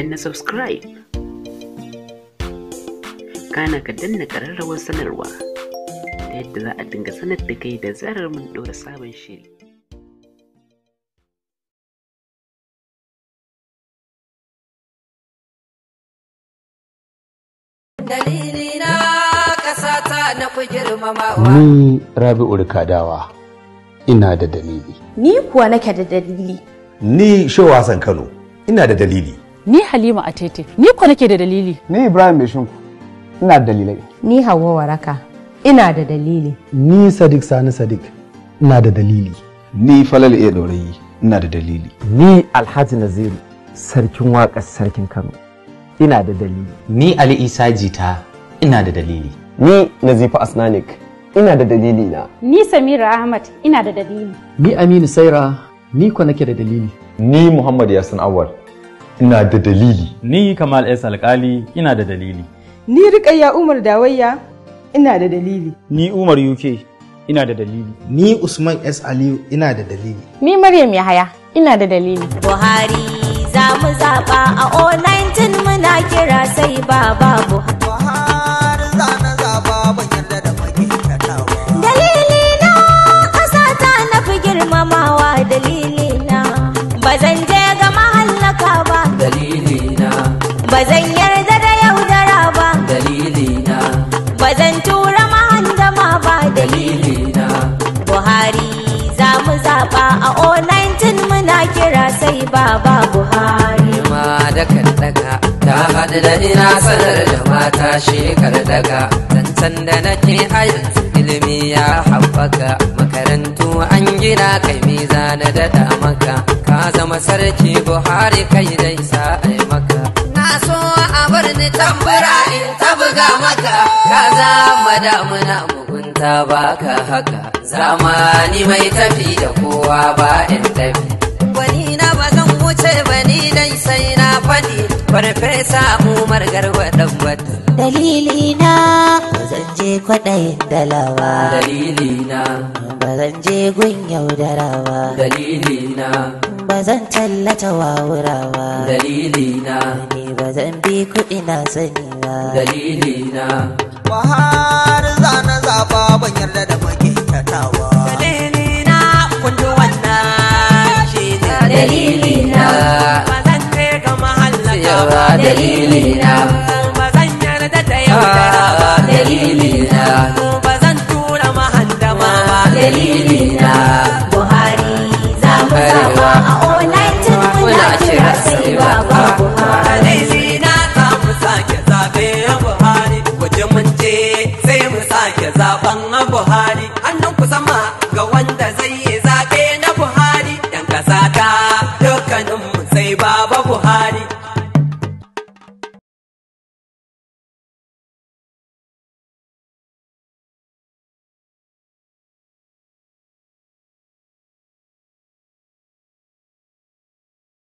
danna subscribe kana ka danna ƙararrawar sanarwa ta yadda za a dinga sanar da kai da zarar mun ɗora sabon shiri Ni Rabi'u Kadawa ina da dalili. Ni kuwa nake da dalili. Ni Shehu Hassan Kano ina da dalili. Ni Halima Atete, ni ko nake da dalili. Ni Ibrahim Beshinku, ina da dalilai. Ni Hauwa Waraka, ina da dalili. Ni Sadiq Sani Sadiq, ina da dalili. Ni Falal E Dorayi, ina da dalili. Ni Alhaji Naziru, sarkin waƙar sarkin Kano, ina da dalili. Ni Ali Isa Jita, ina da dalili. Ni Nazifa Asnanik, ina da dalili na. Ni Samira Ahmad, ina da dalili. Ni Aminu Saira, ni ko nake da dalili. Ni Muhammad Yasin Awar, ina da dalili. Ni Kamal S. Alkali ina da dalili. Ni Rikayya Umar Dawayya ina da dalili. Ni Umar UK ina da dalili. Ni Usman S. Aliyu ina da dalili. Ni Maryam Yahaya ina da dalili. Buhari za mu zaɓa a 019 muna kira sai ba Buhari. ba buhari ma da kan daga ta hadu da ina sanar da mata shekar daga zancen da nake a yanzu ilimi ya haɓaka makarantu an gina kai zana da damaka ka zama sarki buhari kai dai sa'ai maka na so a bar ni tambara in ta buga maka ka zama damuna mugunta baka haka zamani mai tafi da kowa ba in tafi farfesa umar garba dan dalili na ba zan je kwaɗayin dalawa dalili na ba zan je gun yaudarawa dalili na ba zan tallata wawurawa dalili na ni ba zan bi kuɗi na sani ba dalili na ba dalilina ba zan yarda da yaudara ba dalilina ba zan tura mahandama ba dalilina buhari za mu zama a online tun muna kira sai ba ba dalilina za mu sake zaɓe buhari waje mun je sai mu sake zaɓen buhari